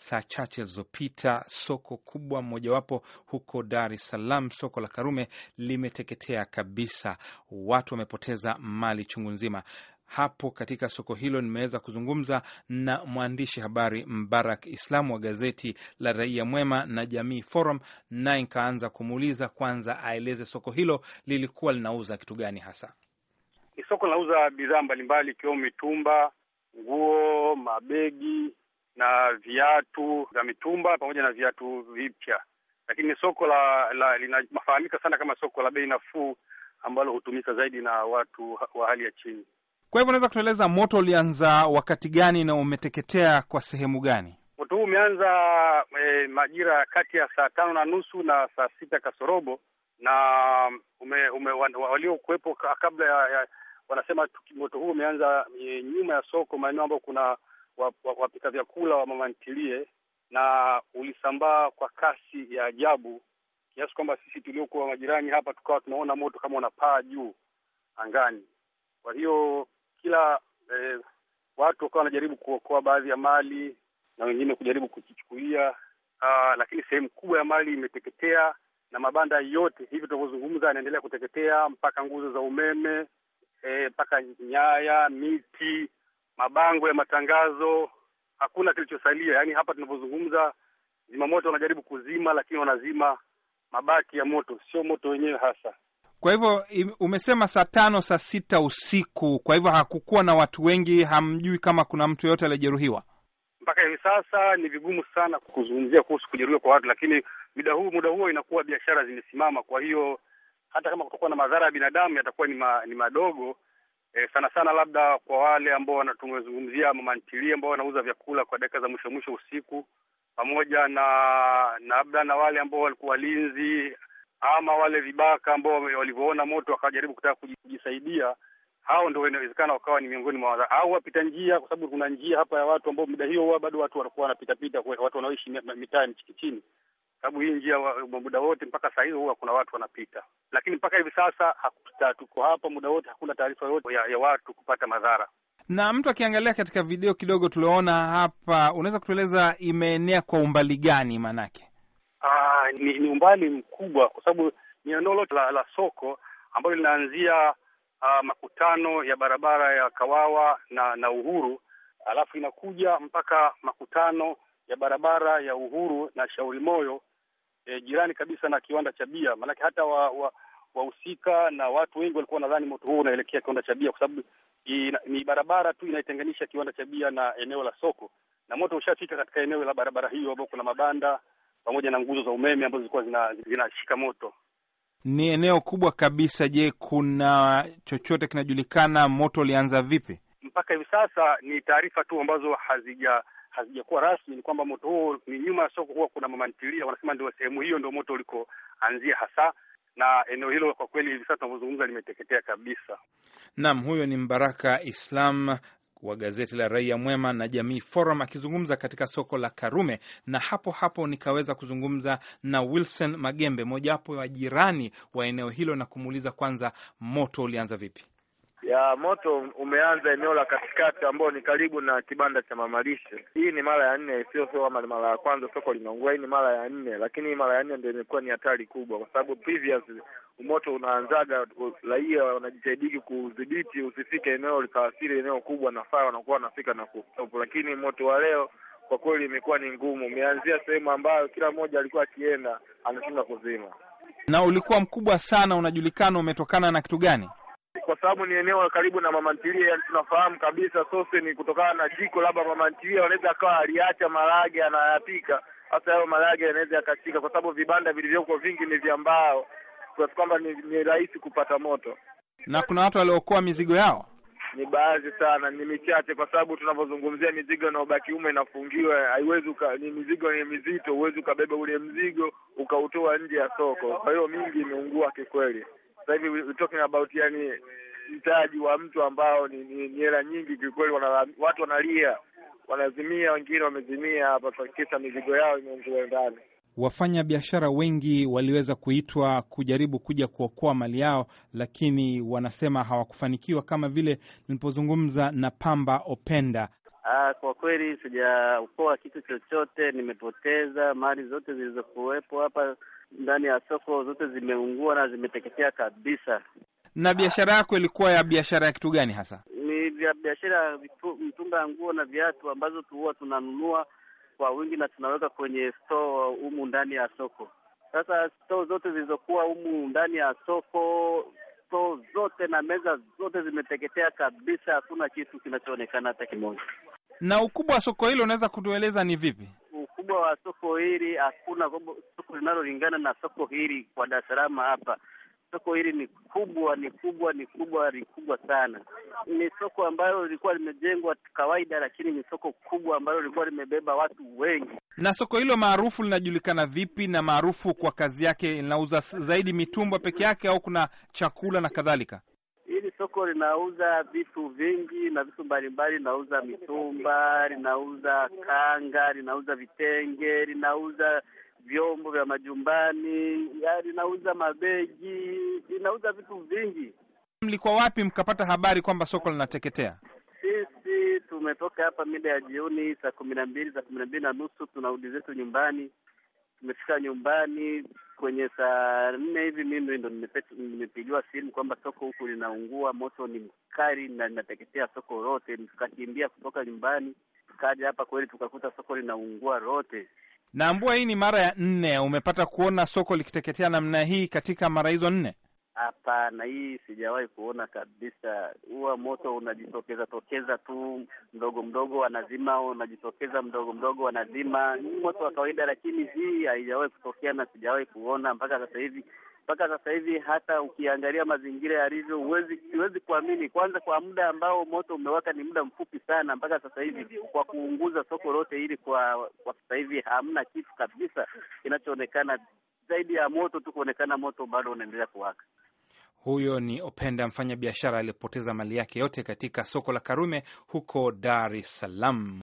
saa chache zilizopita, soko kubwa mojawapo huko Dar es Salaam, soko la Karume limeteketea kabisa, watu wamepoteza mali chungu nzima. Hapo katika soko hilo nimeweza kuzungumza na mwandishi habari Mbarak Islamu wa gazeti la Raia Mwema na Jamii Forum, naye nikaanza kumuuliza kwanza aeleze soko hilo lilikuwa linauza kitu gani hasa. Ni soko linauza bidhaa mbalimbali ikiwemo mitumba, nguo, mabegi na viatu vya mitumba pamoja na viatu vipya, lakini soko la, la linafahamika sana kama soko la bei nafuu ambalo hutumika zaidi na watu wa hali ya chini. Kwa hivyo unaweza kutueleza moto ulianza wakati gani na umeteketea kwa sehemu gani? Moto huu umeanza e, majira kati ya saa tano na nusu na saa sita kasorobo na ume, ume, waliokuwepo kabla ya, ya wanasema moto huu umeanza e, nyuma ya soko, maeneo ambayo kuna wapika vyakula wa mama ntilie, na ulisambaa kwa kasi ya ajabu kiasi kwamba sisi tuliokuwa majirani hapa tukawa tunaona moto kama unapaa juu angani. Kwa hiyo kila eh, watu wakawa wanajaribu kuokoa baadhi ya mali na wengine kujaribu kukichukulia ah, lakini sehemu kubwa ya mali imeteketea na mabanda yote hivi tunavyozungumza yanaendelea kuteketea mpaka nguzo za umeme eh, mpaka nyaya, miti mabango ya matangazo, hakuna kilichosalia. Yaani hapa tunapozungumza, zimamoto wanajaribu kuzima, lakini wanazima mabaki ya moto, sio moto wenyewe hasa. Kwa hivyo umesema saa tano saa sita usiku, kwa hivyo hakukuwa na watu wengi, hamjui kama kuna mtu yoyote aliyejeruhiwa mpaka hivi sasa? Ni vigumu sana kuzungumzia kuhusu kujeruhiwa kwa watu, lakini muda huu muda huo inakuwa biashara zimesimama, kwa hiyo hata kama kutakuwa na madhara ya binadamu yatakuwa ni, ma, ni madogo E, sana sana labda kwa wale ambao tumezungumzia mama ntilie ambao wanauza vyakula kwa dakika za mwisho mwisho usiku, pamoja na labda na wale ambao walikuwa walinzi ama wale vibaka ambao walivyoona moto wakajaribu kutaka kujisaidia, hao ndio inawezekana wakawa ni miongoni mwa au wapita njia, kwa sababu kuna njia hapa ya watu ambao muda hiyo bado watu wanakuwa wanapitapita, watu wanaoishi mitaa ya Mchikichini sababu hii njia muda wote mpaka saa hizo huwa kuna watu wanapita, lakini mpaka hivi sasa hakuta, tuko hapa muda wote, hakuna taarifa yoyote ya, ya watu kupata madhara. Na mtu akiangalia katika video kidogo tulioona hapa, unaweza kutueleza imeenea kwa umbali gani? Maanake ah, ni, ni umbali mkubwa kwa sababu ni eneo lote la, la soko ambalo linaanzia Uh, makutano ya barabara ya Kawawa na na Uhuru, alafu inakuja mpaka makutano ya barabara ya Uhuru na Shauri Moyo e, jirani kabisa na kiwanda cha bia. Maanake hata wahusika wa, wa na watu wengi walikuwa nadhani moto huo unaelekea kiwanda cha bia, kwa sababu ni barabara tu inaitenganisha kiwanda cha bia na eneo la soko, na moto ushafika katika eneo la barabara hiyo ambao kuna mabanda pamoja na nguzo za umeme ambazo zilikuwa zinashika zina moto. Ni eneo kubwa kabisa. Je, kuna chochote kinajulikana moto ulianza vipi? Mpaka hivi sasa ni taarifa tu ambazo hazija hazijakuwa rasmi, ni kwamba moto huo ni nyuma ya soko, huwa kuna mamantilia, wanasema ndio sehemu hiyo ndio moto ulikoanzia hasa, na eneo hilo kwa kweli hivi sasa tunavyozungumza limeteketea kabisa. Naam, huyo ni Mbaraka Islam wa gazeti la Raia Mwema na Jamii Forum akizungumza katika soko la Karume. Na hapo hapo nikaweza kuzungumza na Wilson Magembe, mojawapo wa jirani wa eneo hilo, na kumuuliza kwanza moto ulianza vipi ya moto umeanza eneo la katikati ambao ni karibu na kibanda cha mamalishe. Hii ni mara ya nne, sio kama mara ya kwanza soko linaungua. Hii ni mara ya nne, lakini mara ya nne ndio imekuwa ni hatari kubwa, kwa sababu previous moto unaanzaga, raia wanajitahidi kudhibiti usifike eneo likaathiri eneo kubwa, nafaa wanakuwa wanafika na kustopu, lakini moto wa leo kwa kweli imekuwa ni ngumu. Umeanzia sehemu ambayo kila mmoja alikuwa akienda anashinda kuzima, na ulikuwa mkubwa sana. Unajulikana umetokana na kitu gani? kwa sababu ni eneo karibu na mamantilia yani tunafahamu kabisa sose ni kutokana na jiko, labda mamantilia wanaweza akawa aliacha marage anayapika, hasa hayo marage yanaweza yakashika, kwa sababu vibanda vilivyoko vingi ni vya mbao, kiasi kwamba ni, ni rahisi kupata moto. Na kuna watu waliokoa mizigo yao ni baadhi sana, ni michache, kwa sababu tunavyozungumzia mizigo inayobaki ume inafungiwa, haiwezi ni mizigo ni mizito, huwezi ukabeba ule mzigo ukautoa nje ya soko. Kwa hiyo mingi imeungua kikweli sasa hivi we're talking about yani mtaji wa mtu ambao ni hela nyingi kiukweli, watu wanalia, wanazimia, wengine wamezimia hapa kuhakikisha mizigo yao imeungua ndani. Wafanya biashara wengi waliweza kuitwa kujaribu kuja kuokoa mali yao, lakini wanasema hawakufanikiwa, kama vile nilipozungumza na Pamba Openda Ah, kwa kweli sijaokoa kitu chochote, nimepoteza mali zote zilizokuwepo hapa ndani ya soko, zote zimeungua na zimeteketea kabisa. Na biashara yako ilikuwa ya biashara ya kitu gani hasa? Ni vya biashara ya mtunga nguo na viatu ambazo huwa tunanunua kwa wingi na tunaweka kwenye store humu ndani ya soko. Sasa store zote zilizokuwa humu ndani ya soko, store zote na meza zote zimeteketea kabisa, hakuna kitu kinachoonekana hata kimoja. Na ukubwa wa soko hili unaweza kutueleza ni vipi? Ukubwa wa soko hili, hakuna soko linalolingana na soko hili kwa Dar es Salaam hapa. Soko hili ni kubwa, ni kubwa, ni kubwa, ni kubwa sana. Ni soko ambalo lilikuwa limejengwa kawaida, lakini ni soko kubwa ambalo lilikuwa limebeba watu wengi. Na soko hilo maarufu linajulikana vipi? Na maarufu kwa kazi yake, linauza zaidi mitumba peke yake au kuna chakula na kadhalika? soko linauza vitu vingi na vitu mbalimbali, linauza mitumba, linauza kanga, linauza vitenge, linauza vyombo vya majumbani, linauza mabegi, linauza vitu vingi. Mlikuwa wapi mkapata habari kwamba soko linateketea? Sisi tumetoka hapa mida ya jioni saa kumi na mbili, saa kumi na mbili na nusu tunarudi zetu nyumbani. Tumefika nyumbani kwenye saa nne hivi, mimi ndo nimepigiwa simu kwamba soko huku linaungua, moto ni mkali na linateketea soko lote. Tukakimbia kutoka nyumbani tukaja hapa, kweli tukakuta soko linaungua lote. Na hii ni mara ya nne umepata kuona soko likiteketea namna hii katika mara hizo nne? Hapana, hii sijawahi kuona kabisa. Huwa moto unajitokeza tokeza tu mdogo mdogo, wanazima unajitokeza mdogo mdogo, wanazima. Ni moto wa kawaida, lakini hii haijawahi kutokea na sijawahi kuona mpaka sasa hivi. Mpaka sasa hivi hata ukiangalia mazingira yalivyo, huwezi siwezi kuamini. Kwanza kwa muda ambao moto umewaka ni muda mfupi sana, mpaka sasa hivi kwa kuunguza soko lote hili, kwa kwa sasa hivi hamna kitu kabisa kinachoonekana zaidi ya moto tu kuonekana, moto bado unaendelea kuwaka. Huyo ni Openda, mfanya biashara aliyepoteza mali yake yote katika soko la Karume huko Dar es Salaam.